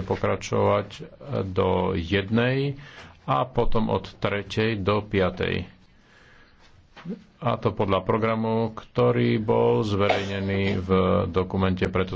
bude pokračovať do jednej a potom od tretej do piatej. A to podľa programu, ktorý bol zverejnený v dokumente pre